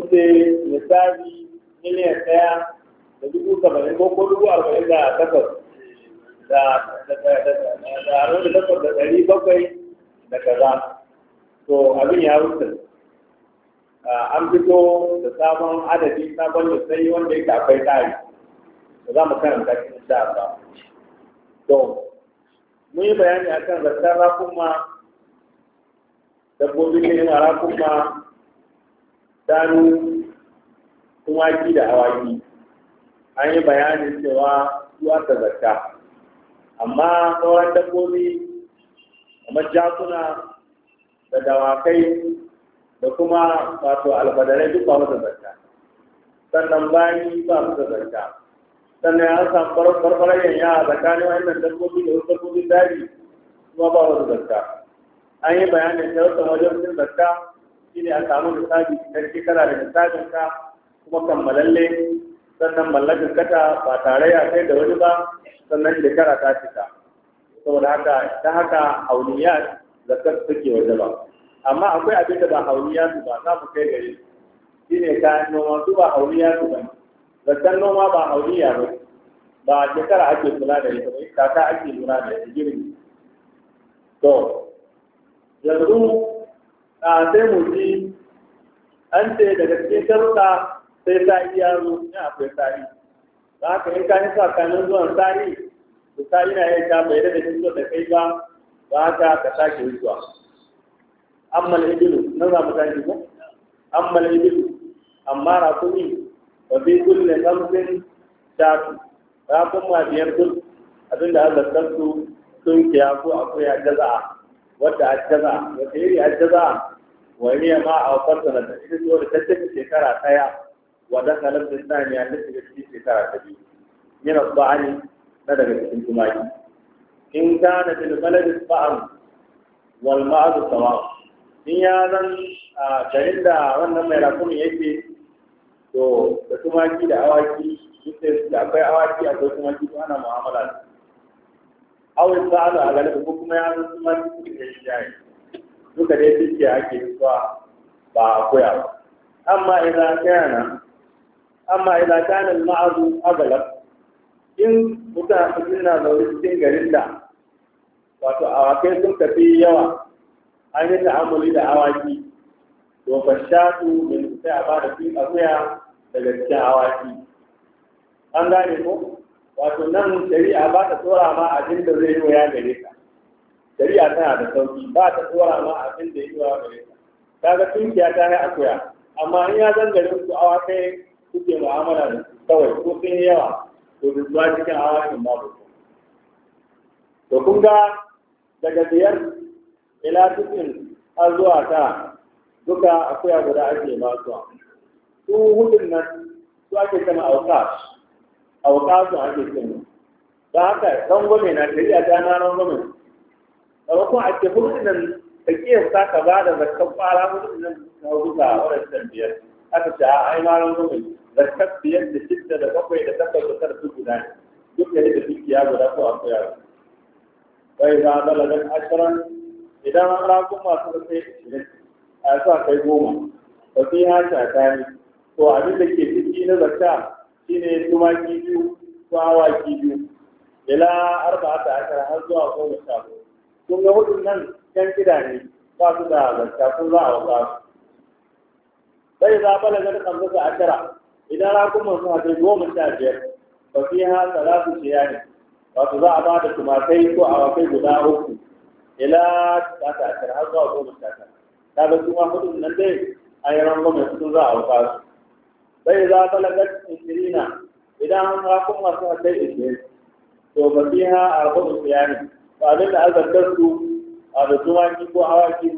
sun ce misali miliyan ɗaya da dubu saba'in ko dubu arba'in da takwas da arba'in da takwas da ɗari bakwai da kaza to abin ya wuce an fito da sabon adadi sabon sai wanda ya akwai tsari da za mu karanta shi da ba to mun yi bayani akan zakar rakuma dabbobi ne rakuma shanu tumaki da awaki an yi bayanin cewa su aka zarta amma sauran dabbobi kamar jakuna da dawakai da kuma wato alfadarai duk ba masa zarta sannan bayi ba masa zarta sannan an samu farfarayen a tsakanin wannan dabbobi da wasu dabbobin daji kuma ba masa zarta an yi bayanin sharuɗin wajen cin zarta Shi ne a samu lissafi cikakke kana da lissafin ka kuma kammalalle sannan mallakin kata ba tare ya kai da wani ba sannan shekara ta cika saboda haka ta haka hauniya zakar take waje ba amma akwai abin da ba hauniya su ba za mu kai gari ne ta noma su ba hauniya su ba zakar noma ba hauniya ba ba shekara ake kula da ita ba ta ake kula da ita jirgin to yanzu a sai mu ji an ce daga cikin sharuɗa sai sa'i iya zo ne akwai sa'i da ka yi ka nisa kanin zuwan sa'i da sa'i na yi ta bai da shi da kai ba da haka ka sake zuwa. amma na ibilu na za mu tashi ba amma na ibilu amma rakumi ba bi kulle kamsin shatu ma biyar duk abinda an zartar su sun kiyaku akwai a jaza'a wadda a jaza'a wata iri a jaza'a wani ma a farta na da ita zuwa da tattalin shekara ɗaya wa da kalar da ta ne a da shiga shekara ta biyu yana zuwa ne na daga cikin tumaki in ta na fi da malar ba'an wal ma'azu sama in ya zan a garin da wannan mai rakumin yake to da tumaki da awaki da akwai awaki a akwai tumaki ko ana mu'amala ne. su. Awai sa'adu a galibin ko kuma ya zan tumaki suke da shi duka dai fiske ake zuwa ba a koya ba amma idan kana amma idan kana ma'azu agalab in kuka su na zaune cikin garin da wato awakai sun tafi yawa an yi ta'amuli da awaki to su min sai a ba da fi akuya daga cikin awaki an gane ko wato nan shari'a ba ta tsora ma abin da zai yi ya gare shari'a tana da sauki ba ta tsora ma abin da yi wa gare ta ga tunkiya ta yi akuya amma in ya zan garin su awa kai kuke mu'amala da su kawai ko sun yi yawa to da zuwa cikin awakin babu to kun ga daga biyar ila cikin har zuwa ta duka akuya guda ake masuwa su hudun nan su ake kama aukash aukash ake kama da haka rangwame na shari'a ta na rangwame maimakon a ce hudu nan ta kiyasta ka ba da zakkan fara hudu nan ka hudu a wadannan biyar aka ce a ai malam mumin zakkan biyar da shidda da bakwai da takwas da tara su guda ne duk da yadda dukiya guda ko akwai yaro bai za a balagan ashirin idan an rakun masu da sai ashirin a yasa kai goma ba sai ya shata ne to abin da ke ciki na zakka shine tumaki biyu ko awaki biyu ila arba'ata ashirin har zuwa goma sha biyu kun ga hudun nan can gida ne ba su da zarta ko za a wasa su sai za bala ga kamsa a tara idan rakuman suna kai goma sha biyar ba su ha salatu ba su za a ba da tumakai ko wakai guda uku ila ta ta tara har zuwa goma sha tara ta ga ma hudun nan dai a yi ran mai sun za a wasa su sai za bala ga ishirina idan sun suna kai ishirin to ba fi ha arba'u shiyani abin da azartar su a da tumaki ko hawaki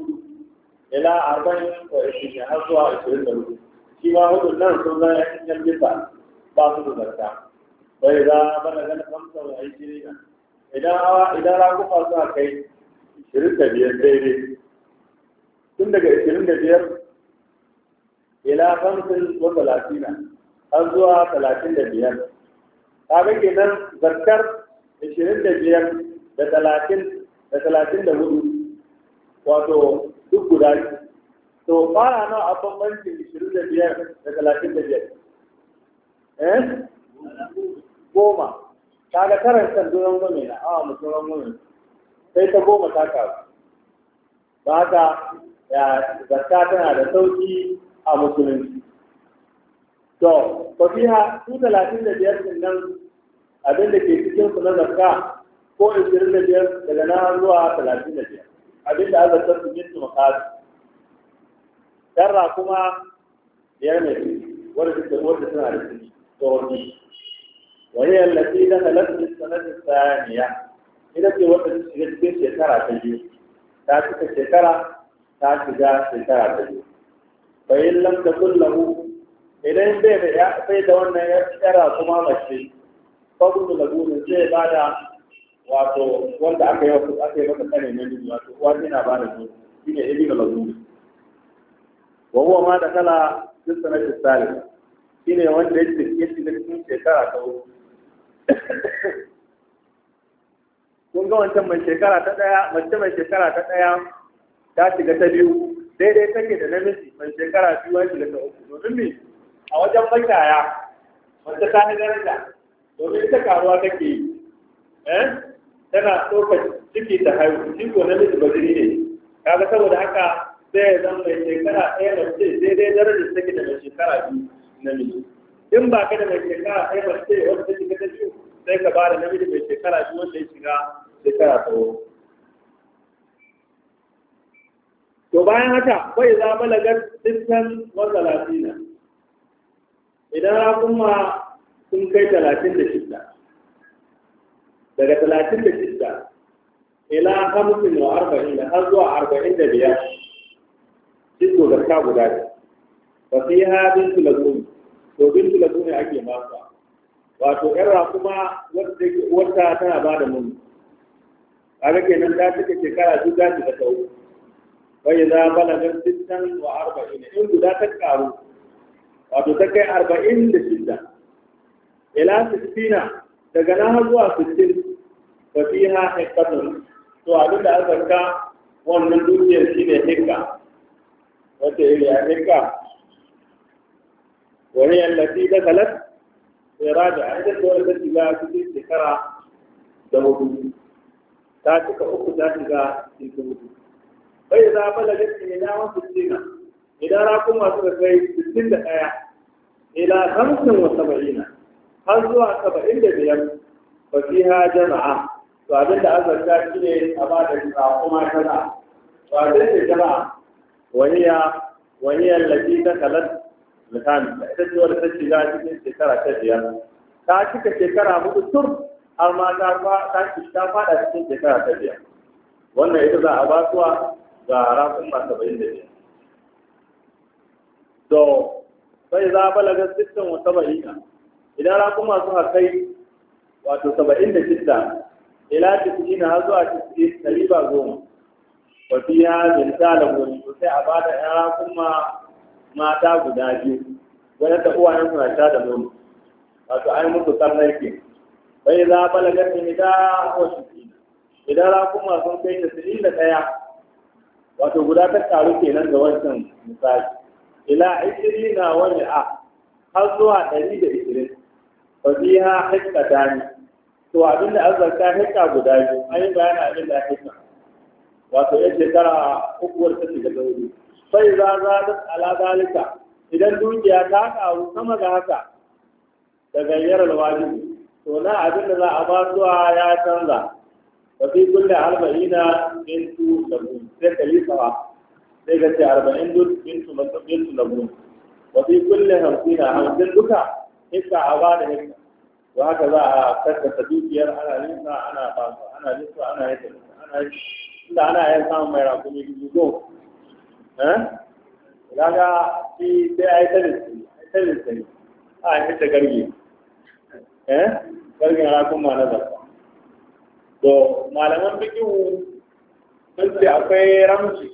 ila arba'in wa ishirin har zuwa ishirin da hudu shi ma hudun nan sun zama yan bisa ba su da zarta bai za bana gana kamsa wa ishirin idan awa idan rakufa suna kai ishirin da biyar daidai tun daga ishirin da biyar ila hamsin wa talatina har zuwa talatin da biyar kaga kenan zartar ishirin da biyar da talatin da talatin da hudu wato duk guda to fara nawa a bambancin ishirin da biyar da talatin da biyar eh goma kaga karanta doron gome na awa mutum gome sai ta goma ta kawo ba haka ya zakka tana da sauki a musulunci to fafiha su talatin da biyar din nan abin da ke cikin su na zakka ko ishirin da biyar daga na zuwa talatin da biyar abinda aka san su jinsu makasi tarra kuma biyar mai jini wadda suke wadda suna da jini tsohoni wani yallafi da halattun sanatin saniya ita ce wadda su shiga cikin shekara ta biyu ta cika shekara ta shiga shekara ta biyu bayan lam ta kullahu idan bai da wannan yara kuma mace fagudu lagunin zai bada wato wanda aka yi aka yi maka tsare na dubu wato uwa tana na bada su shi ne ibn da azumi wa huwa ma da kala duk da tsari shi ne wanda yake shi da cikin shekara ta uku kun ga wancan mai shekara ta daya mace mai shekara ta daya ta shiga ta biyu daidai take da namiji mai shekara biyu ya shiga ta uku domin me a wajen makiyaya wanda ta ni daraja domin ita karuwa take yi eh tana ɗaukar ciki ta haihu shi ko namiji ba ne kaga saboda haka sai zan zama mai shekara ɗaya na mace dai darajar take da mai shekara biyu na miji in ba ka da mai shekara ɗaya ce wanda ta shiga ta biyu sai ka ba da namiji mai shekara biyu wanda ya shiga shekara tsawo to bayan haka bai za balagar dukkan wa talatina idan kuma sun kai talatin da shida daga talatin da shida ila hamsin wa arba'in da har zuwa arba'in da biyar da zakka guda ce ba sai ha bintu lazumi to bintu lazumi ake masa wato yar kuma wata tana ba da mun kaga kenan ta cika shekara duk za ta tsawo bai za balagar sittan wa arba'in in guda ta karu wato ta kai arba'in da shida. ila sittina daga nan har zuwa sittin fasiha fiha hikatun to abin da aka wannan dukiyar shi ne hikka wata iri a hikka wani yallafi da kalat irada a ita da wanda shiga cikin shekara da hudu ta cika uku ta shiga cikin hudu bai za da gaske ne na wasu cina idan rakuma suka kai sittin da ɗaya ila hamsin wa saba'ina har zuwa saba'in da biyar fasiha jama'a to abin da azarta shi ne a ba da raƙuma tana to abin da tana waniya waniyar lafi ta kalar mutane da ita ce wadda ta shiga cikin shekara ta biyar ta cika shekara hudu tur har ma ta ta fada cikin shekara ta biyar wannan ita za a ba suwa ga raƙuma saba'in da biyar to sai za a balaga sittin wa saba'ina idan rafin masu kai wato saba'in da shidda ila tisini har zuwa tisini ɗari ba goma wa fiya bin talabun to sai a bada ya kuma mata guda biyu wani ta uwa yan suna da nono wato an musu sallar ke bai za balagar ni da wasu idan ra kuma sun kai tisini da ɗaya wato guda ta taru kenan ga wancan misali ila ishirin na wani a har zuwa ɗari da ishirin wa fiya hakka dani to abin da azarta hikka guda biyu an yi bayanin abin da hekta wato yan shekara ukuwar ta shiga dauri sai za za da ala dalika idan dukiya ta kawo sama ga haka da gayyar alwajibi to na abin da za a ba su ya canza wa fi kulli na bintu sabun sai kalifawa sai ka ce arba'in bintu bintu labun wa fi kulli hamsina hamsin duka hikka a ba da hikka to haka za a karkata dukiyar ana nisa ana basu ana nisa ana yadda ana yi inda ana yin samun mai rakumi dubu go eh? kaga shi sai a yi ta lissi a yi ta lissi a yi ta garge eh? gargen rakuma na zarfa to malaman bikihu sun ce akwai ramji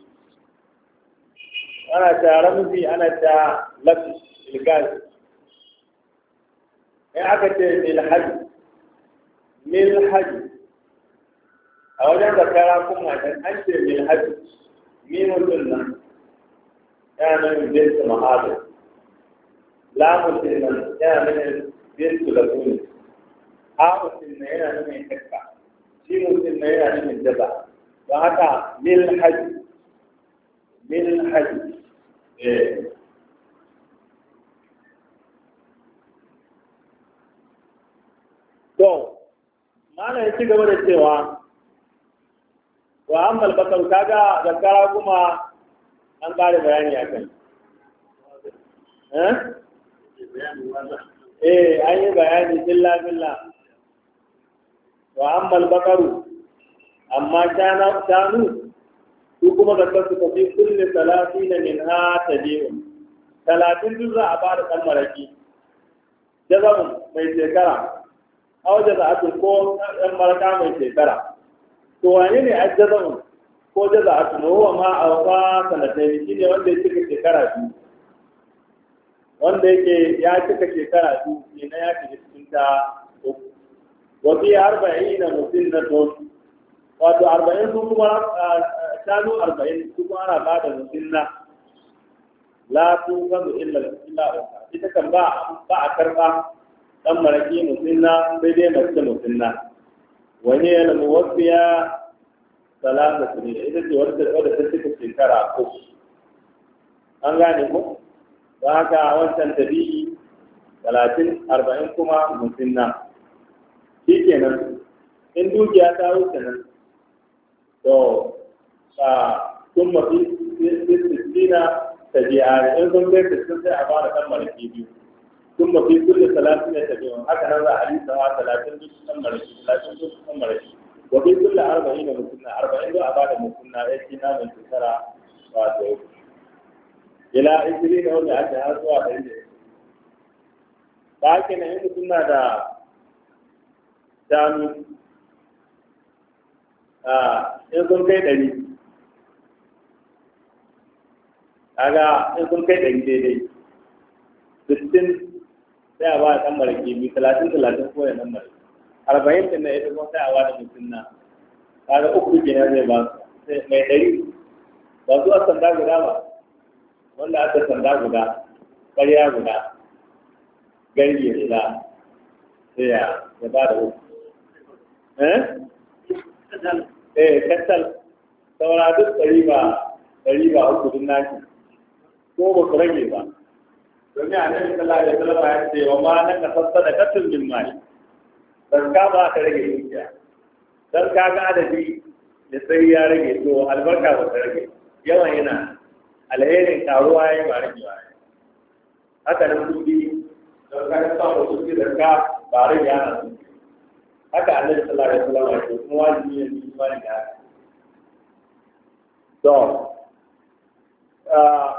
ana ta ramji ana ta lafi ilgazi in aka ce mil milhaji a wajen zakara kuma dan mil ce milhaji mimutun nan yana nan jinsu ma'adar lamutin nan yana nan na da kuni ha'utin nan yana nan hekka jimutin na yana nan daba don haka mil milhaji eh Malam ya ci gaba da cewa wa ammal basar kaga zakara kuma an da bayani a kai. Eh, eh an yi bayani billa billa. Wa ammal bakaru amma shanu su kuma zakar su tafi kulle talafi da min ha ta talatin duk za a ba da ɗan maraki. Jazamun mai shekara auja da ake ko ɗan maraka mai shekara to wani ne ajjazan ko jaza a wa ma a wata sanatai shi ne wanda ya cika shekara biyu wanda yake ya cika shekara biyu ne na ya shiga cikin ta uku ya arba'in na mutum na tosu wato arba'in su kuma shanu arba'in su kuma ana ba da mutum na la tu kan illa illa ita kan ba a karba dan maraki musinna sai dai mace musinna wani yana muwafiya muwaffiya su ne ita ce wadda ta cika shekara ko an gane ko Ba haka wancan tabi'i talatin arba'in kuma musinna shi kenan in dukiya ta wuce nan to a sun mafi sittina ta biya in sun kai sittin sai a fara kan maraki biyu ثم في كل ثلاثين يتبعون هكذا هذا حديث سواء ثلاثين دوس كم مرشي ثلاثين دوس كم مرشي وفي كل أربعين مسنة أربعين دو أبعد مسنة إيتنا من تسرى واتو إلى إسرين أو لعشر هذا واتو لكن عند سنة دا دامي آه إن كنت دليل kaga إن sun kai ɗari sai a ba a ɗan mariki mai talatin talatin ko ya nan mariki arba'in da na ita kuma sai a ba da mutum na kaga uku kenan zai ba sai mai ɗari ba zuwa sanda guda ba wanda aka sanda guda ƙarya guda ya guda sai ya ya ba da uku eh eh saura duk ɗari ba ɗari ba uku duk naki ko ba ku rage ba domin a nan sallah da sallah ya ce wa ma na kasasta da katin bin mali ka ba ka rage dukiya dan ka ga adadi da sai ya rage to albarka ba ta rage yawan yana alherin karuwa ya ba rage ba haka nan kudi zarka ya samu kudi ka ba rage ya kudi haka annabi sallallahu alaihi wasallam ya ce kuma wajibi ne imani da haka to ah,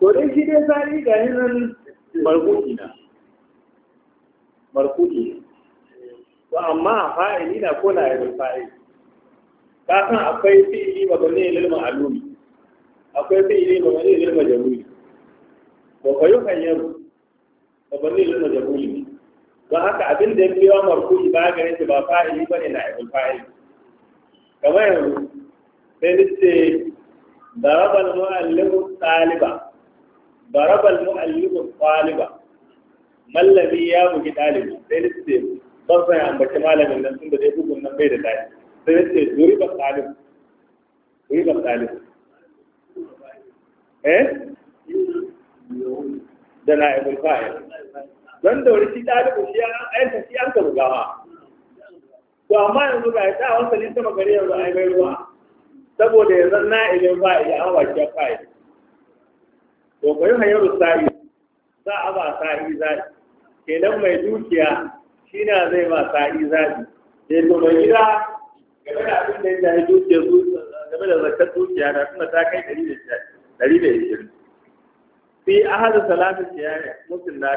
to shi dai sari ga nan marfu'i na marfu'i to amma fa'ili na ko na yin fa'ili ka san akwai fi'ili mabani lil ma'lumi akwai fi'ili Ba lil majruri wa ba gane mabani lil majruri don haka abin da ya fi yawa marfu'i ba gare shi ba fa'ili ne na yin fa'ili kamar yanzu sai nace ضرب المعلم الطالب barabal mu'allimu taliba mallami ya bugi ɗalibi sai nace ban san ambaci malamin nan tunda dai bugun nan bai da dai sai nace طالب talib duriba eh da na dan da wani shi ɗalibu shi an aika shi an ka bugawa to amma yanzu ga ya ta ne sama gari yanzu ai bai ruwa saboda yanzu na ya fa'il an wace fa'il to koyi hayaru sa'i za a ba sa'i zaɓi kenan mai dukiya shi na zai ba sa'i zai sai to mai gida game da abin da yake dukiya su game da zakka dukiya na kuma ta kai dari da dari da shi fi ahad salatu ciyaya mutum na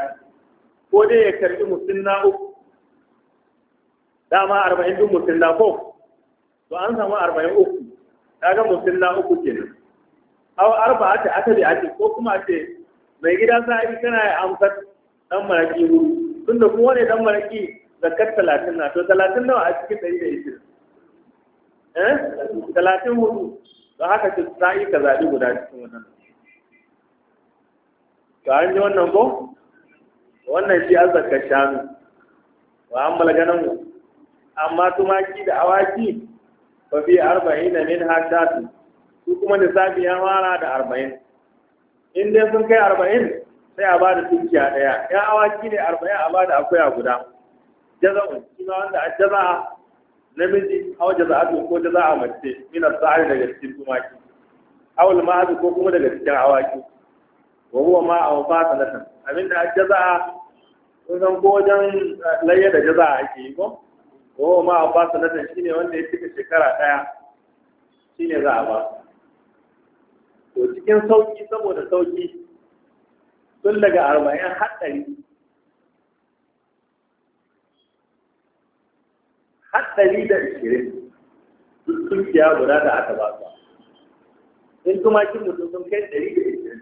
ko dai ya karbi mutum na uku dama arba'in duk mutum na ko to an samu arba'in uku kaga mutum na uku kenan aw arba'ata atabi ati ko kuma ce mai gida za a sai kana amsar dan maraki hudu tunda kuma ne dan maraki zakat talatin na to talatin nawa a cikin ɗari da ishirin eh talatin hudu don haka ce sa'i ka zaɓi guda cikin wannan to an ji wannan ko wannan shi an zakar shanu wa an malaganan mu amma tumaki da awaki ba fi arba'ina min ha shatu su kuma lissafi ya fara da arba'in in dai sun kai arba'in sai a ba da dukiya ɗaya ya awaki ne arba'in a ba da akuya guda jaza'un shi ma wanda a jaza'a namiji aw jaza'atu ko jaza'a mace mina tsari daga cikin tumaki aw al-ma'ad ko kuma daga cikin awaki wa huwa ma aw fa sanatan da a jaza'a kun san ko wajen eh, layya da jaza'a ake yi ko wa huwa ma aw fa sanatan ne wanda ya cika shekara ɗaya ne za a ba to cikin sauƙi saboda sauƙi tun daga arba'in haɗari haɗari da ishirin duk tunkiya guda da aka ba su in tumakin mutum sun kai ɗari da ishirin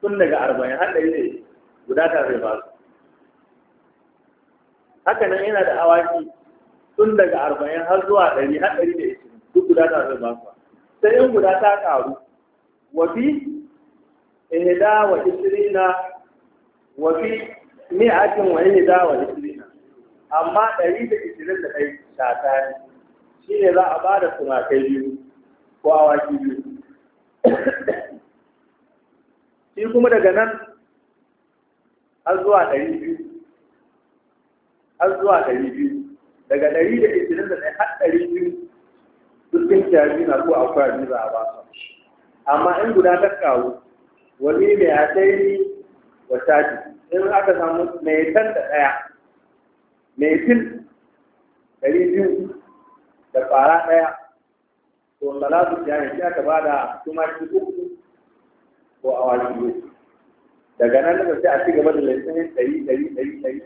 tun daga arba'in haɗari da guda ta zai ba su haka nan yana da awaki tun daga arba'in har zuwa ɗari haɗari da ishirin duk guda ta zai ba su sai guda ta karu wa fi ihda wa isrina wa fi mi'atin wa ihda wa isrina amma ɗari da ishirin da ɗai shata ne shi ne za a ba da tumakai biyu ko awaki biyu shi kuma daga nan har zuwa ɗari biyu har zuwa ɗari biyu daga ɗari da ishirin da ɗaya har ɗari biyu cikin jari na ko akwai a ba amma in guda ta kawo wani ne a sai wa taji in aka samu mai tan da ɗaya mai fil ɗari biyu da ƙwara ɗaya to salatu jari sai aka ba da tumaki uku ko awaki uku daga nan da sai a ci gaba da laifin ɗari ɗari dari dari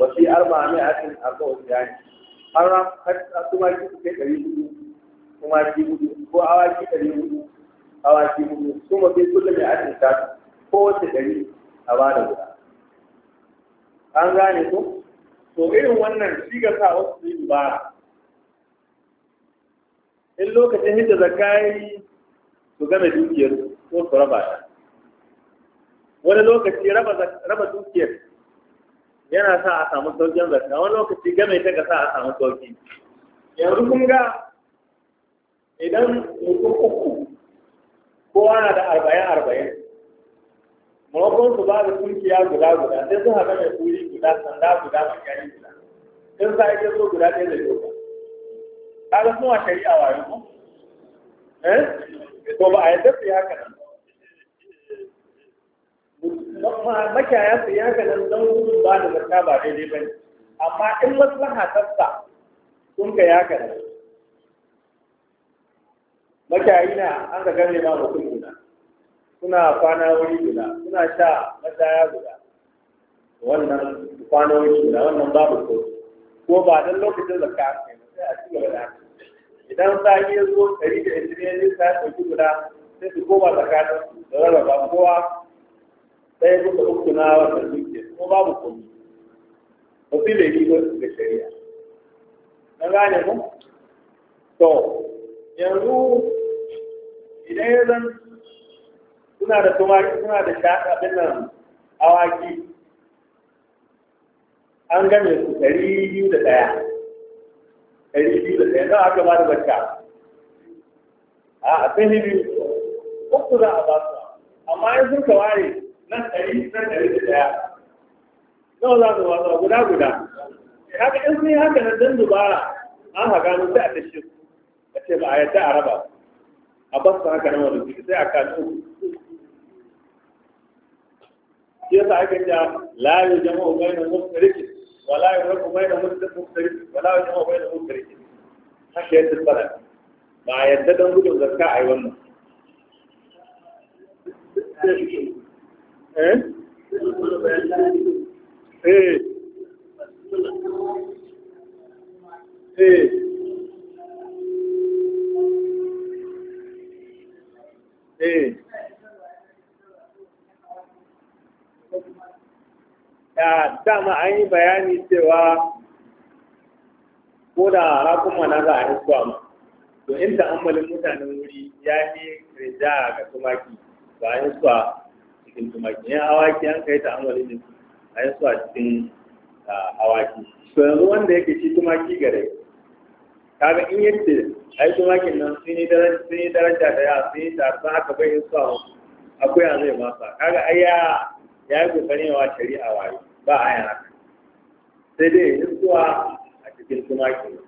wasi arba'a mai asin arba'a jari har har tumaki uku kai ɗari biyu tumaki hudu ko awaki ɗari hudu awaki hudu kuma bai kullum ya ajin ko kowace ɗari a ba da guda an gane ko to irin wannan shi ga sa wasu su yi dubara in lokacin hidda zakka su gama dukiyar ko su raba ta wani lokaci raba dukiyar yana sa a samu sauƙin zakka wani lokaci game ta ga sa a samu sauki. yanzu kun ga idan mutum uku kowa na da arba'in arba'in maimakon su ba da tunkiya guda guda sai sun haɗa mai kuri guda sanda guda makiyari guda sun sa ake so guda ɗaya da ba. kaga suna shari'a wayo ko eh to ba a yadda su yi haka nan makiyaya su yi haka nan don gudun ba da zarta ba daidai ba ne amma in maslaha tafsa sun ka yi haka nan matayi na an ka gane ma mutum guda suna kwana wuri guda suna sha mataya guda wannan kwana wuri guda wannan babu ko ko ba dan lokacin zakka ne sai a gaba da idan sai ya zo dari da ishirin ne sai yi ɗauki guda sai su koma tsakanin da rarraba kowa sai kuka uku na wata duke kuma babu komai ba su da yi da shari'a na gane mu to yanzu idan ya zan suna da tumaki suna da shaƙaɗin nan awaki an game su ɗari biyu da ɗaya ɗari biyu da ɗaya nawa aka ba da barka a sun yi biyu uku za a ba su amma in sun ka ware nan ɗari nan ɗari da ɗaya nawa za su ba su guda guda haka in sun yi haka zan zubara. dubara an haka sai a tashi a ce ba a yadda a raba a basu haka nan wani ciki sai a kasu shi yasa aka ce la yu jama'u bainal mustarikin wa la yu rabu bainal mustarikin wa la bai jama'u bainal mustarikin haka ya tabbata ba a yadda don gudun zakka a yi wannan eh eh eh Eh. ya dama an yi bayani cewa ko da rakuma na za a hisba ma to in amalin mutanen wuri ya fi rija ga tumaki ba a hisba cikin tumaki yin awaki an kai ta amalin ne a hisba cikin ah, awaki to yanzu wanda yake shi tumaki gare kaga in yadda. ai tumakin nan sun yi daraja da ya sun yi haka bai yin akwai a zai masa kaga ai ya ya yi kokarin ba a yana haka sai dai yin zuwa a cikin tumakin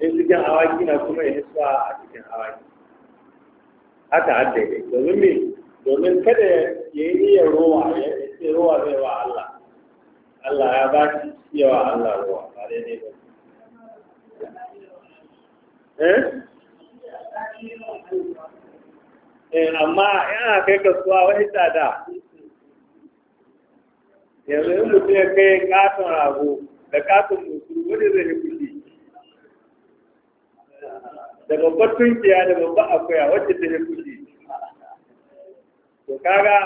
in cikin awaki na kuma yin a cikin awaki haka hadda domin me ya yi niyyar rowa ya ce rowa zai wa Allah ba Eh? eh amma yana kai kasuwa wani tsada yanzu in mutum ya kai katon rago da katon mutu wani zai yi kuɗi da babbar tunkiya da babbar akuya wacce ta yi kuɗi to kaga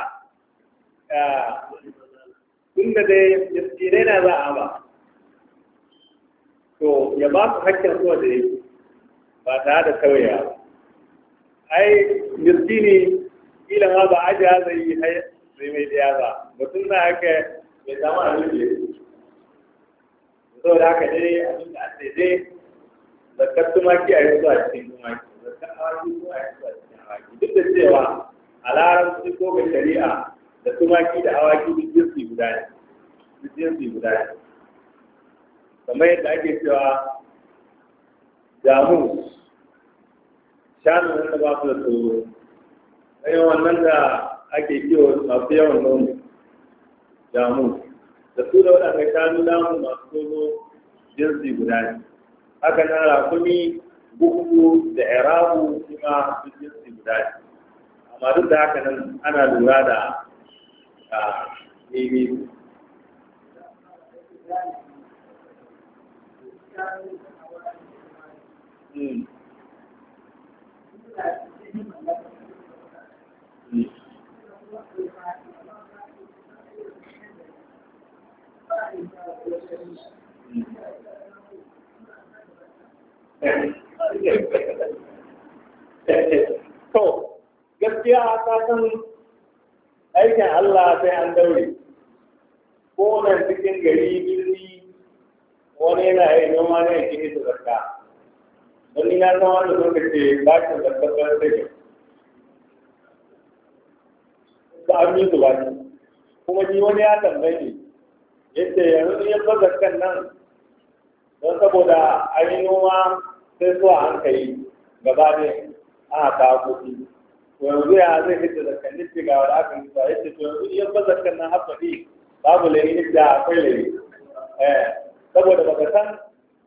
tun da dai miskinai na za a ba to ya ba su hakkin so da yake ba tare da sauya ai miskini ila ma ba aji zai yi zai mai daya ba mutum na haka mai samu a nufi so da haka dai abin da ake dai zakar tumaki a yi zuwa cikin tumaki zakar awaki kuma a yi zuwa cikin awaki duk da cewa a larabci ko ga shari'a da tumaki da awaki duk jinsi guda ne duk jinsi guda ne kamar yadda ake cewa jamus shanu wanda ba su da tsoro ɗayan wannan da ake kiwo masu yawan nono damu da su da waɗanda shanu damu masu tsoro jinsi guda ne haka nan rakumi buku da irabu kuma su jinsi guda ne amma duk da haka nan ana lura da nemi Mm. to gaskiya a san aikin Allah sai an daure ko nan cikin gari birni wani yana yi noma ne ya kini da కొన్ని నెలలో వాళ్ళు చూపెట్టి వాటిని దత్తపడితే an yi zuwa ne kuma ni wani ya tambaye ni yadda yanzu ya fi zakkan nan don saboda an yi noma sai zuwa an kai gaba ne a kawo kuɗi yanzu ya zai hidda zakkan ni ce ga wani aka yi zuwa yadda to yanzu ya fi zakkan nan haɓaɗi babu lai da akwai lai saboda baka san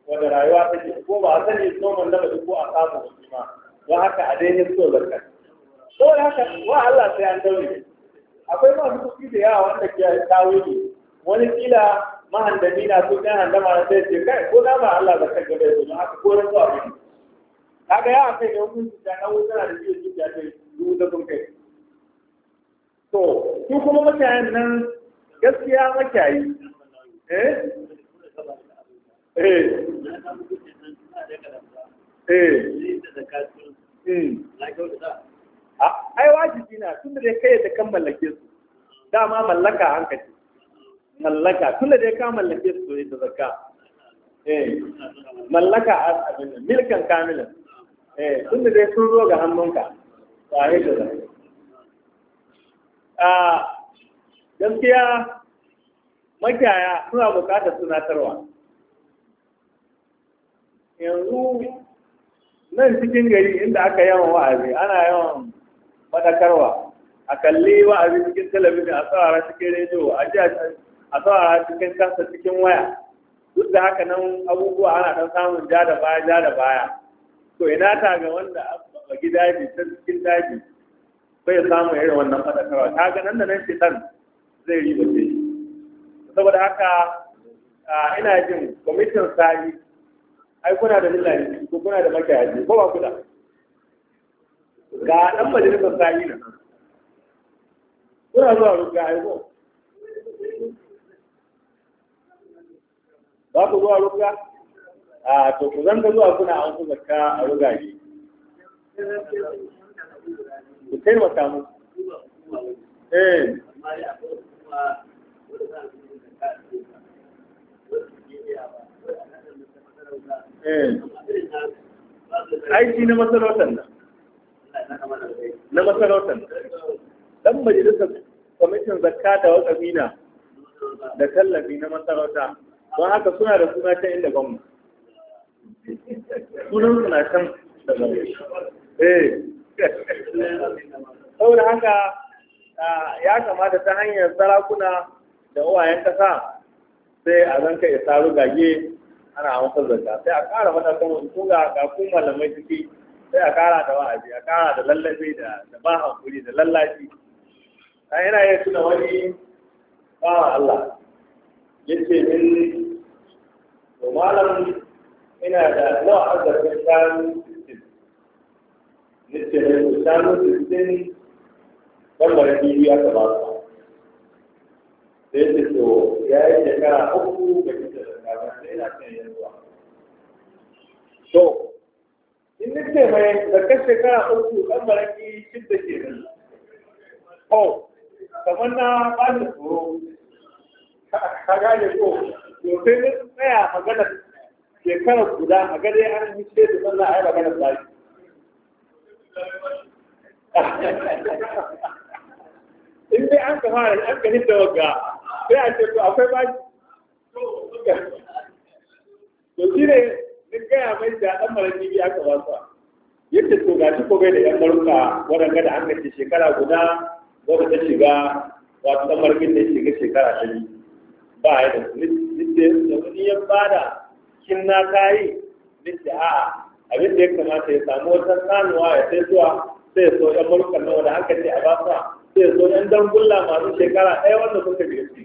wanda rayuwa ta ke ko ba a sani tsohon da ko a samu shi ma don haka a daidai so zarka so da haka wa Allah sai an daure akwai masu kuɗi da yawa wanda ke kawo ne wani kila mahandami na so ɗan handama na sai ce kai ko na ba Allah zarka gaba ya zama haka ko na zuwa mai kaga ya kai da su ta na tana da ke jiya ta yi da kun kai to su kuma mutanen nan gaskiya makiyayi eh eh, eh. ai wajibi na tun da dai kai da kan mallake su dama mallaka hankali mallaka tun da dai ka mallake su to da zakka eh mallaka abin milkan kamilan eh, tun da dai sun zo ga hannunka to ai da zakka a gaskiya makiyaya suna bukatar tunatarwa yanzu nan cikin gari inda aka yawan wa'azi ana yawan fadakarwa a kalli wa'azi cikin talabijin a tsawara cikin rediyo a ji a tsawara cikin kansa cikin waya duk da haka nan abubuwa ana ɗan samun ja da baya ja da baya to ina ta ga wanda a gida ne ta cikin daji bai samu irin wannan fadakarwa ta ga nan da nan shetan zai riba ce saboda haka ina jin kwamitin sani ai kuna da millani ko kuna da makiyaji ko ba kuna ga dan majalisar yi na kuna zuwa ruga ai ko ba ku zuwa ruga a to ku zanga zuwa kuna an ku zakka a ruga ne ku taimaka mu eh amma dai akwai kuma wanda za su Eh. aiki na masarautar nan na masarautar dan majalisar kwamitin zakka da wakamina da tallafi na masarauta don haka suna da suna ta inda gwamna sunan suna can da gwamna eh saboda haka ya kamata ta hanyar sarakuna da uwayen kasa sai a zanka ya saru gage ana amsar zarta sai a ƙara mata saboda ko ga ga ku malamai suke sai a ƙara da wa'azi a ƙara da lallabe da da ba hankuri da lallaci a yana iya tuna wani bawa Allah ya ce min to malam ina da nawa arzikin shanu sittin ya ce min shanu sittin bambarin biyu ya kamata sai ya ce to ya yi shekara uku da ina cin yanzuwa to in nace mai zakar shekara uku ɗan baraki da ke nan oh kamar na bani tsoro ka gane ko to sai na tsaya magana shekarar guda a gare an yi ce da sannan a yi magana tsari in dai an ka fara an gani da wagga sai a ce to akwai bani to shi ne duk gaya mai da ɗan maraki biya aka ba sa, yadda to ga shi kogai da yan maruka waɗanda da an gace shekara guda wadda ta shiga wato ɗan marakin da shiga shekara ta biyu ba ya da su da wani ya bada kin na kayi duk da a'a abin da ya kamata ya samu wata sanuwa ya sai zuwa sai so yan marukan nan wanda an gace a ba sa, sai so ɗan dangulla masu shekara ɗaya wanda suka biya su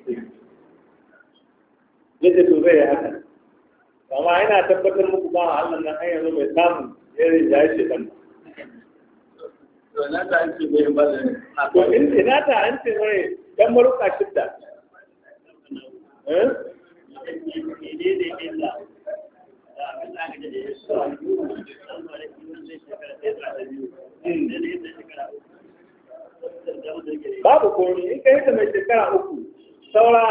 yadda to zai yi haka amma yana tabbatar muku ba Allah nan an yanzu bai samu irin ya yi shekan ba to ina ta an ce mai maruka shidda eh? babu komi in ka yi ta mai shekara uku saura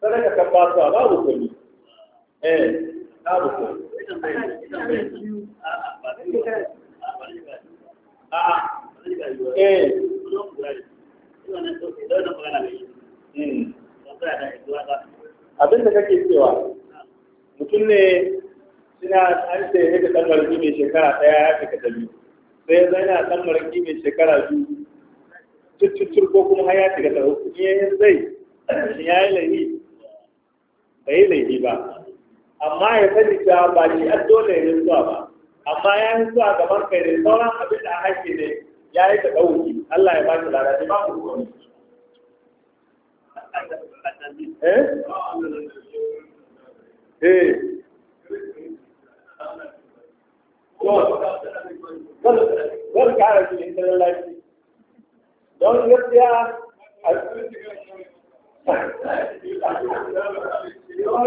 sadaka kan basuwa babu komi eh. Eh. abin da kake cewa mutum ne suna an ce ya ka ji mai shekara ɗaya ya fi ka biyu sai yanzu yana na ji mai shekara biyu cututtur ko kuma haya ya fi ka tsangar zai shi ya yi laifi Ba yi laifi ba amma ya sani cewa ba ni a dole ne zuwa ba amma ya yi zuwa gaban kai ne sauran abin da ake ne ya yi ta ɗauki Allah ya ba shi lada ne ba mu eh eh lafi. Don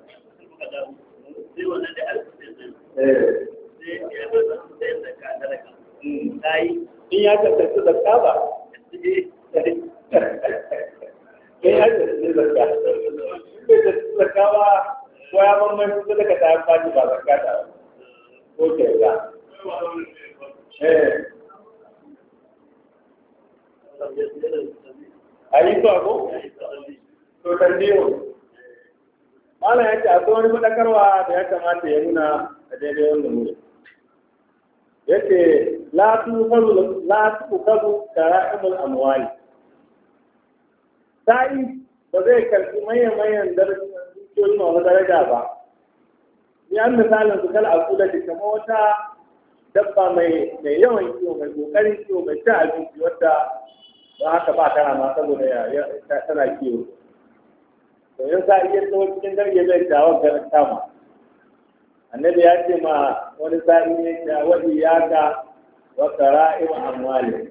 suka damu sai wannan da suna a daidai wanda wuri Yake la tuqalu la tuqalu kara'imul amwali sai ba zai karbi mayan mayan dukiyoyi masu daraja ba ya misalin su kala akuda da kamar wata dabba mai yawan kiwo mai kokarin kiwo mai cin abinci wadda ba haka ba tana ma saboda ya tana kiwo to yin sa iya tsawo cikin garge zai dawo garin Tamu. annabi ya ce ma wani sa'i ne ta wani yaka wa qara'im amwali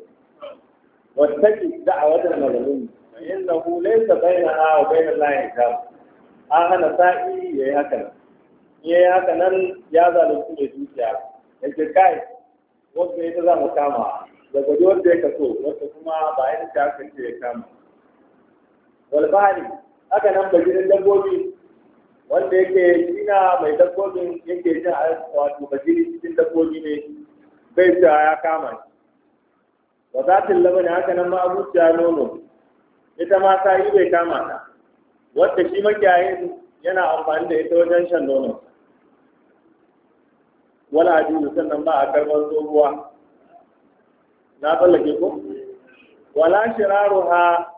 wajen taki yin da hulai ta bayan a wa bayan layin ta A hana sa'i yi haka yi haka nan ya zalunci mai dukiya ce kai wanda ita za mu kama da gwaje wanda ya kaso wanda kuma ba ta kace ya kama walbani haka nan bajirin dabbobi wanda yake jina mai dabbobin yake jin wato bajiri cikin dabbobi ne bai cewa ya kama shi wa zatin labani haka nan ma abuciya nono ita ma ta yi bai kama ta wadda shi makiyayin yana amfani da ita wajen shan nono wala ajiyu sannan ba a karɓar tsohuwa na tsallake ko wala ha.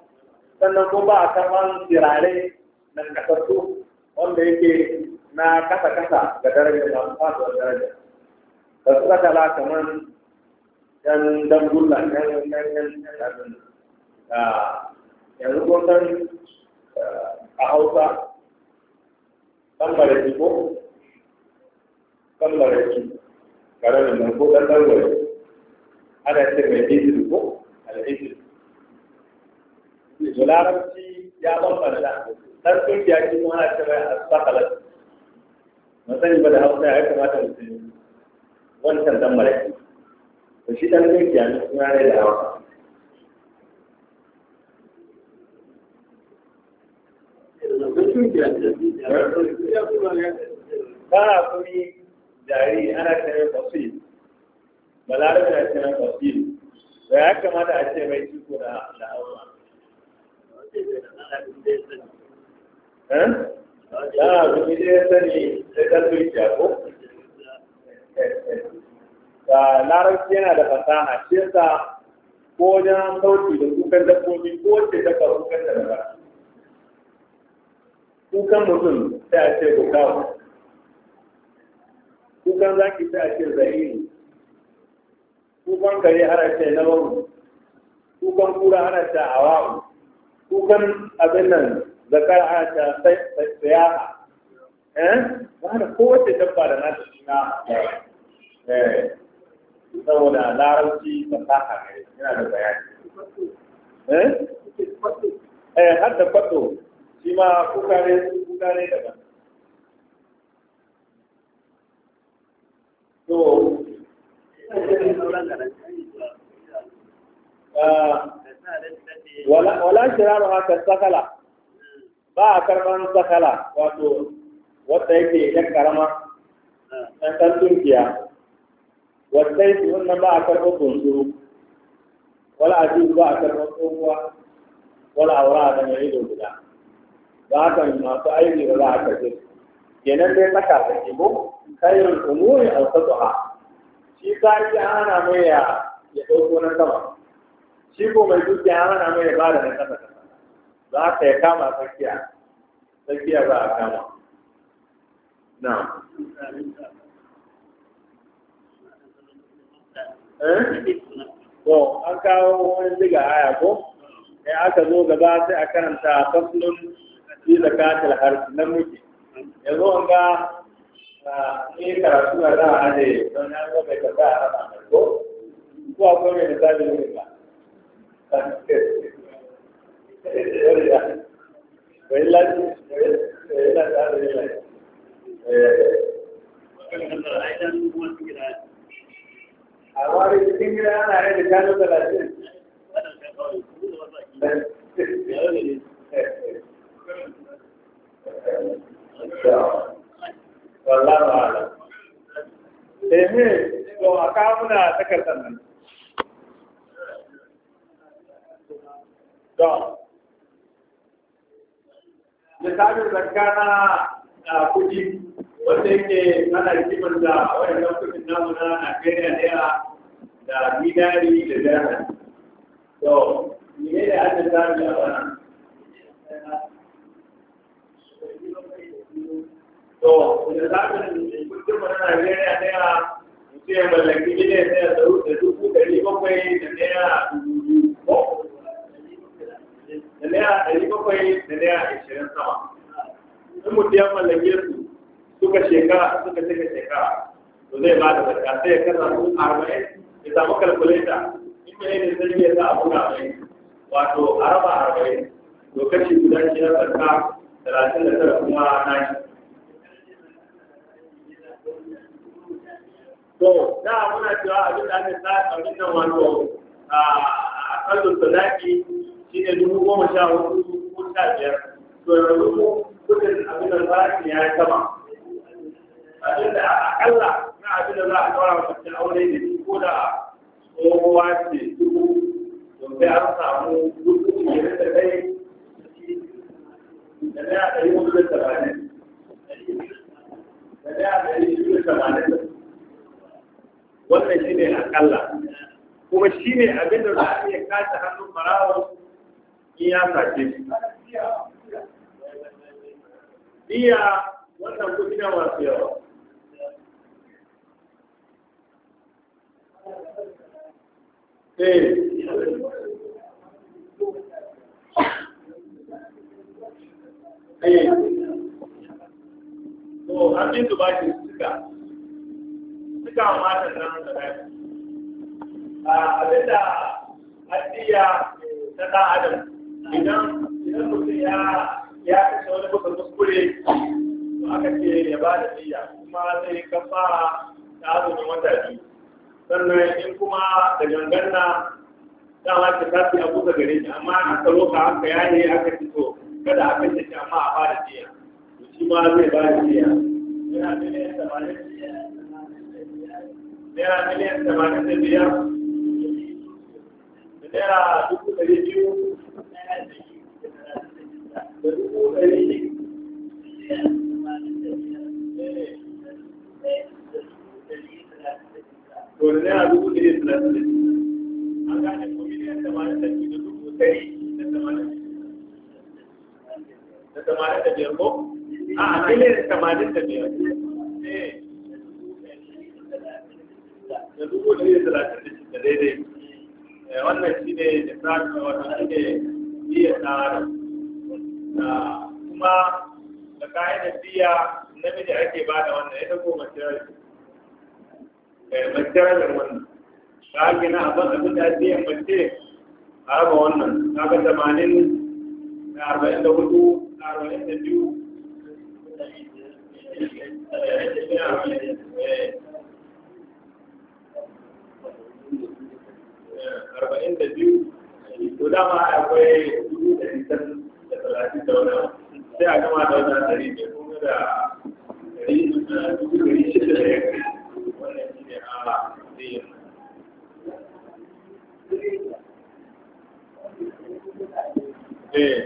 sannan ko ba a karɓar sirare na kasassu wanda yake na kasa kasa ga darajar masu faduwar daraja da su kasa ba kamar yan dangulla yan yan yan yan ah, yanzu kun san ah, a hausa tambare shi ko tambare shi da nan ko dan dangwale ana ce mai izini ko al'izini. Larabci ya bambana da al'izini. har sun biya kuma ana cewa a sakalar masani ba da hausa ya kamata mutum wancan dan malaki to shi dan sun biya suna ne da hausa ba a kuri jari ana cewa tafsir balarabe na cewa tafsir Ba ya kamata a ce mai ciko da hausa Eh? Ah, ya rubi da ya da yana da fasaha shi yasa ko wajen sauti da kukan dabbobi ko ce daga kukan da ba. kukan mutum sai a ce bukawa kukan za ki sai a ce zahiri kukan kare ana ce nawaru kukan kura ana ce awa'u kukan abin nan zakar ana ta sayaha eh wanda kowace dabba da nata suna eh saboda larabci da saka ne yana da bayani eh eh har da kwato shi ma kuka ne da ne daban to ah, wala wala shiraru haka sakala ba a karban sakala wato wata yake idan karama ɗan ɗan turkiya wata yake wannan ba a karɓar bunsuru wala a ba a karɓar tsohuwa wala wura da mai ido guda ba kan masu aiki da za a karɓe kenan dai saka ta ke ko kayan umuri alfatuha shi ta yi hana mai ya ɗauko na sama shi ko mai dukiya ana hana mai ya ba da na sama za ka yi kama tsakiya tsakiya za a kama na eh? to an kawo wani diga aya ko ya eh, aka zo gaba sai a karanta faslun fi zakatul harfi na muke yanzu an ga ah, ne karatu na za a hade don ya zo mai kasa a ko ko akwai mai misali ne ba a cikin da a muna takardar misalin zakka na kuɗi wanda yake mana kimar da wayannan kuɗin namu na Najeriya naira da dinari da dirham. To, ne da aka sami a wannan? To, misalin kuɗin mu na Najeriya naira mutum ya mallaki miliyan naira da dubu ɗari bakwai da naira dubu biyu. da naira ɗari bakwai da naira ashirin sama in mutum ya mallake su suka shekara suka cika shekara to zai ba da zakka sai ya kasa su arba'in ya samu kalkuleta in mai ne sai ya sa abu arba'in wato a raba arba'in lokaci guda shi na zakka talatin da tara kuma na shi to da muna cewa abin da ake sa abin nan wato a kallon sadaki shi ne dubu goma sha hudu ko sha biyar to yanzu kudin abin da farashin ya yi sama abin da akalla na abin da za a kawara wa mutum aure ne ko da tsohuwa ce dubu to sai an samu dubu biyar da kai da na ɗari hudu da tamanin da na ɗari hudu da tamanin wannan shi ne akalla kuma shi ne abin da za a iya kasa hannun marawar in ya sace shi iya wannan kuɗi na masu yawa eh eh to an din ba shi suka suka matan nan ah, da kai a abinda addiya ta ɗan adam idan ya kashe wani to aka ce ya bada da kuma zai kafa ta azumin wata sannan in kuma da ganganna dama ta tafi a amma aka kada shi amma a shi ma zai da miliyan tamanin da naira dubu biyu wannan shi ne da sa shi ne biya na na kuma da kayan biya na miji ake ba da wannan ita ko mace da eh, wannan ta na abin abin da ake yin mace a raba wannan ta ga tamanin da arba'in da hudu da arba'in da biyu eh, arba'in da biyu to dama akwai dubu da nisan da talatin da wani sai a gama da wannan dari da kuma da dari dubu dari shida da ya kai wannan shi ne a zai eh.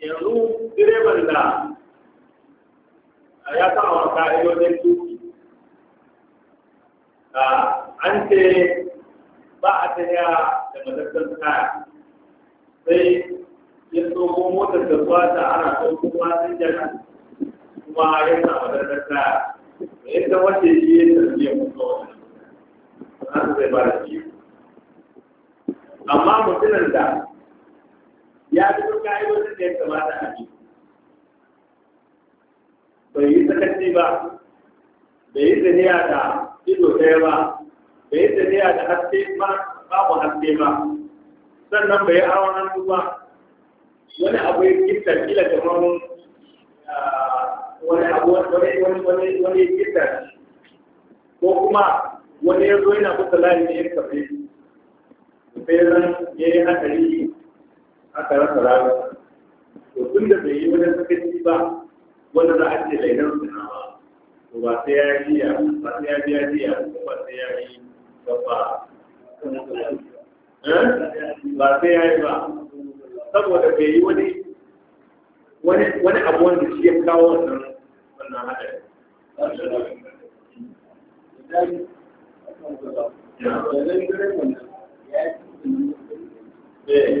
yanzu direban da ya sa wa ka'idodin tuki ah, an ce ba a tafiya da matakan kaya sai ya tsoko motar da kwata ana kuma masu jana kuma ya sa matakan kaya inda wace shi ya tafiya mutuwa wani ana zai ba da shi amma mutumin da ya fi ka'idodin da ya kamata a biyu bai yi sakaci ba bai yi zaniya da ido ɗaya ba bai yi zaniya da haske ba babu haske ba sannan bai yi awon hannu ba wani abu ya gifta kila kamar ah, wani abu wani wani wani gifta ko kuma wani ya zo yana kusa layi ne ya kafe sai ran ya yi hatsari aka rasa rana to tun da bai yi wani sakaci ba wanda za a ce laidan suna ba to ba sai ya yi ya ba sai ya biya biya ko ba sai ya yi gaba ba sai ya yi ba saboda bai yi wani wani abu wanda shi ya kawo wannan wannan haɗari Yeah.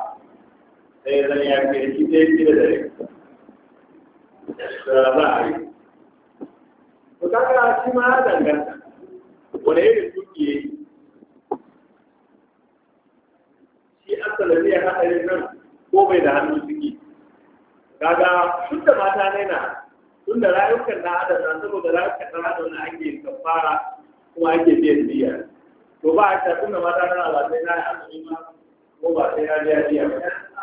sai zan ya ke shi ɗaya shi da dare da za a yi to kaga shi ma ya danganta wane irin tuki ya yi shi asalin ya haɗarin nan ko bai da hannu ciki kaga tun da mata ne na tun da rayukan na adam na saboda rayukan na adam na ake kafara kuma ake biyan biya to ba a ta tun da mata na ba sai na yi azumi ma ko ba sai na biya biya ba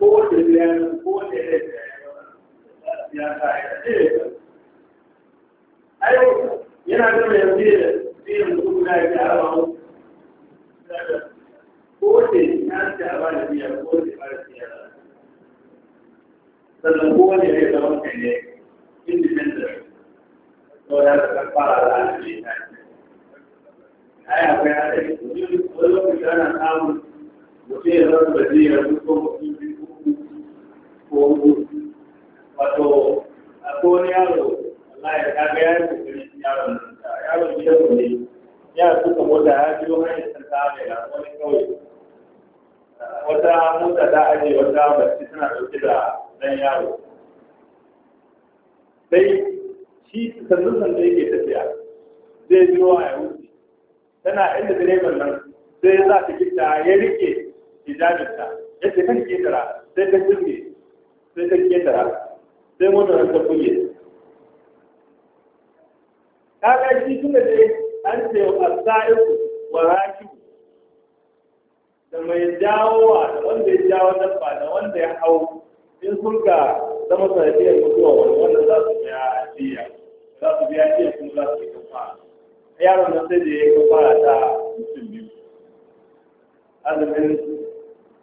kowace biyan kowace ya sa ya ce da biyan mutum na ya na ba ne mutum ya zama da ya zuko mutum biyu uku ko wato a kowane ya ya yi yaron nan yaron gidan ne mota ya hanyar mai kawai wata mota ta wata tana ɗauke da yaro sai shi tafiya zai a tana inda direban nan sai za ta ya rike hijabinta ya ce kan ketara sai ta kulle sai ta ketara sai motar ta kulle kaga shi tunda dai an ce wa asaiku wa rakibu da mai jawo wa da wanda ya jawo dabba da wanda ya hau in sun ga zama sanadiyar mutuwa wani wanda za su biya jiya za su biya jiya kuma za su yi kafa yaron nan sai da ya yi kafa ta mutum biyu azumin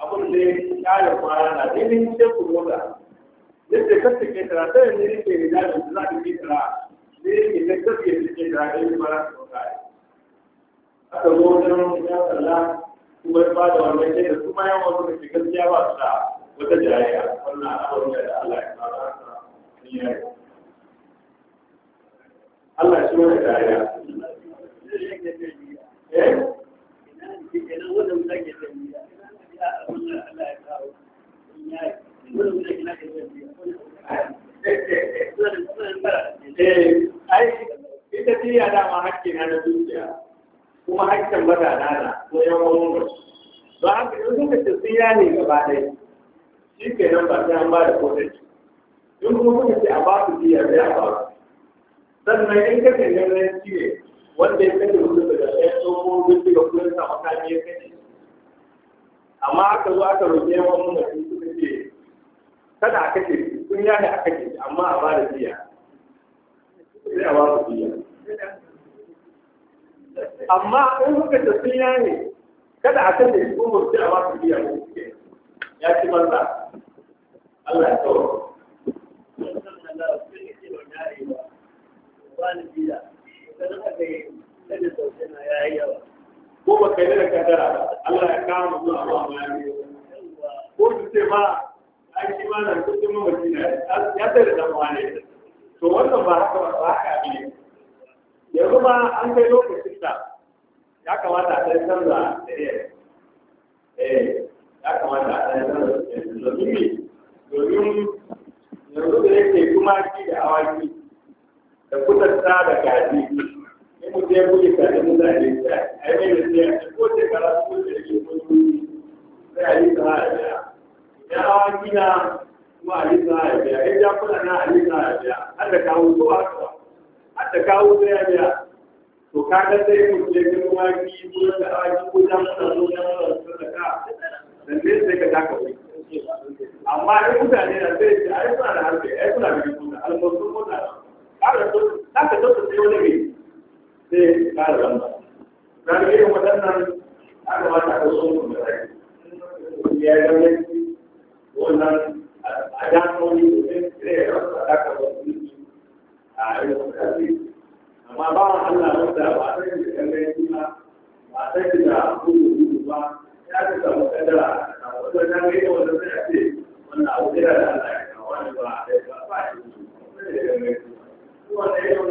abin da ya kare kwana na daidai sai ku roda yadda ka take tara sai ne ke da da za ka ke tara ne ke da ka ke take tara da ne mara ko kai aka zo don ya tsalla, kuma ba da wannan sai da kuma wasu da ke gaskiya ba su da wata jayayya wannan abin da Allah ya fara ni Allah shi wani jayayya eh ina ne ke eh? nan wannan da ke ai ita ce ya dama hakki na da dukiya kuma hakkin bada nana ko yan wani ba haka in suka sun ya ne gaba ɗaya shi ke nan ba sai an ba da kodaci in kuma kuka ce a ba su biya sai a ba sannan in ka ganin shi ne wanda ya kashe mutum daga ɗaya tsohon gudu da kudin sa makami ya kashe amma aka zo aka roƙe yawan su suka ce kada aka kashe sun da aka ce amma a ba da biya sai a ba da biya amma in suka ce sun ne kada ce kashe sun mutum a ba su biya ya ci banza Allah ya tsoro Yeah. yi, na ya yi ko ba kai da kaddara Allah ya kama mu Allah ya yi ko su ce ba ai shi ma nan kudin mamaci ne ya tsare da wani to wannan ba haka ba ba haka ne yanzu ba an kai lokacin da ya kamata a san canza da eh ya kamata a san canza domin me domin yanzu da yake kuma shi da awaki da kudin da gaji in mutum ya buɗe kaɗe mutane a yi mai da ya ce ko shekara ko da ke kuma sai a yi sa a biya idan hawa gina kuma a yi sa a biya in ja kuna na a yi ka a biya har da ka ko a kawo har da kawo sai a biya to ka ga sai mutum ya ga mawaki ko da awaki ko da mutane ko da mutane da ka dan ne sai ka taka wuri amma in mutane na sai ce ai suna da harfe ai suna da rikuna almasu mutane ka ga to za ka tabbata sai wani sai ƙara yi a zai a yi wasu kasi amma ba wa Allah wanda ba a sai ta yi a a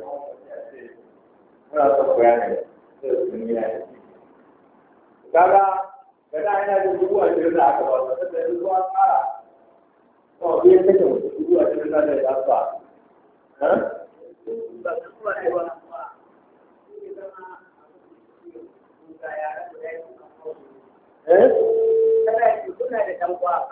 muna son bayanin da su ne ya yi da yana da dubu ashirin da aka ba su da dubu an kara to bai kake mutu dubu ashirin da da ya ba Eh? Kana da ɗan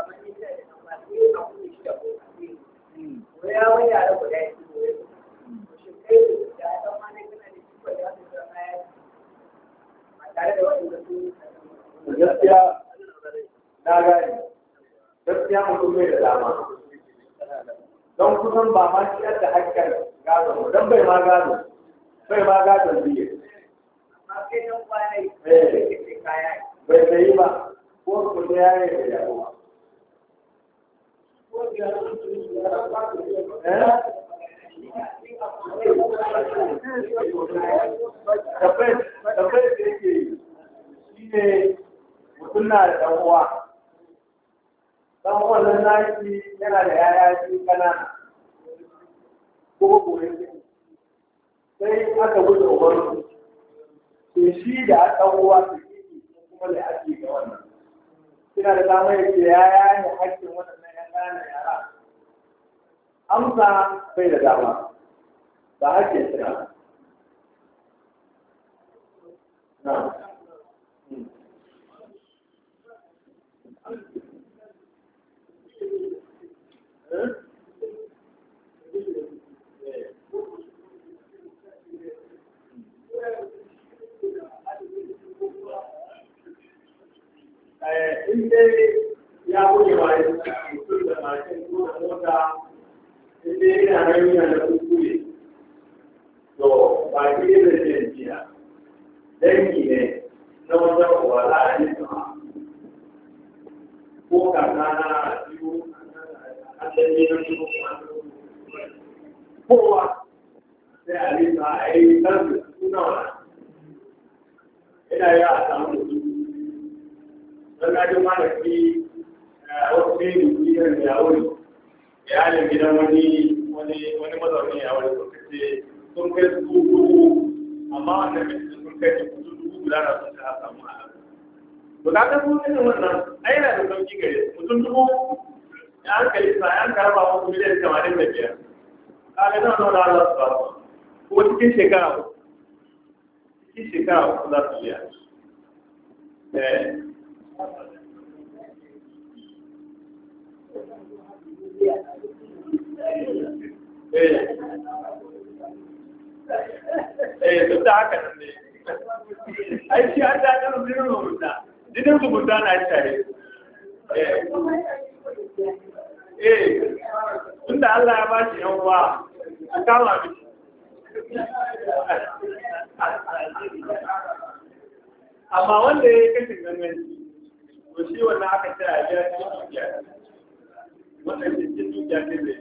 lẹ́yìn rẹ̀ na wajen wala a yi sama ko kasa na biyu a dangi na biyu kowa sai a yi sa a suna ina yi a eh, wasu wani wani kai da dubu guda sun ka samu a nan to ka kasu wannan a yana da sauki gare mutum dubu ya an kai sa ya an karaba musu miliyan tamanin da biyar ka ga nan Allah su ba su ko cikin shekara cikin shekara za su biya Eh, eh, eh ai shi har da kan zirin rubuta jinin rubuta na shaye eh. eh tunda Allah ya bashi yan kama amma wanda ya yi kashin ganganci shi wannan aka yi a cikin dukiya wannan cikin dukiya ce bai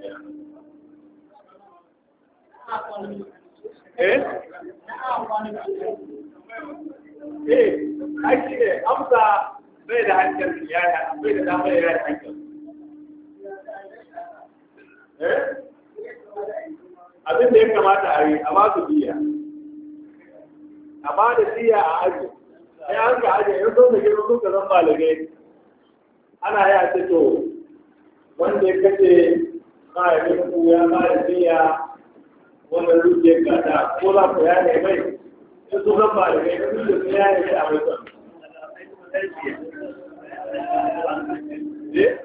biya eh eh aiki ne amsa da hankali da hankali eh abin da ya kamata a yi a ba su biya a ba da biya a aji Ya an aji ya zo da girma sun zan balagai ana yi a wanda ya kace ba ya biya ba ya Wani ruke gada ko za ku yare mai in su zan bada mai duk da su yare mai a mai eh?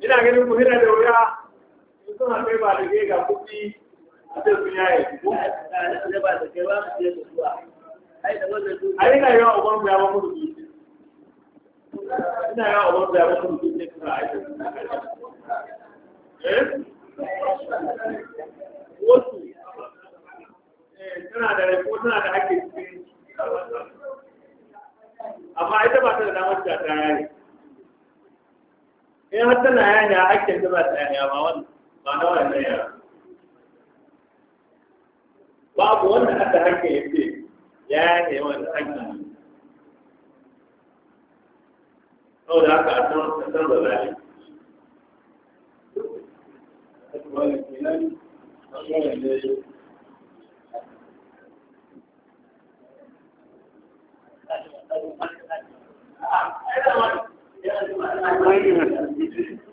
Ina ganin ku hira da wuya in suna kai ba da ga kuɗi a cikin yaye. Da ba da ke ba su je da zuwa. a ina yawan ya ba mutu dutse ina yawan uban ya ba mutu dutse kuma a yi wasu eh, tana da rai ko da ake amma ita ba ta da damar ta ta yayi in har tana yayi ake ba ta yayi ba wani ba na wannan ya yi wani haƙƙi sau da haka a kasar da zai Thank you.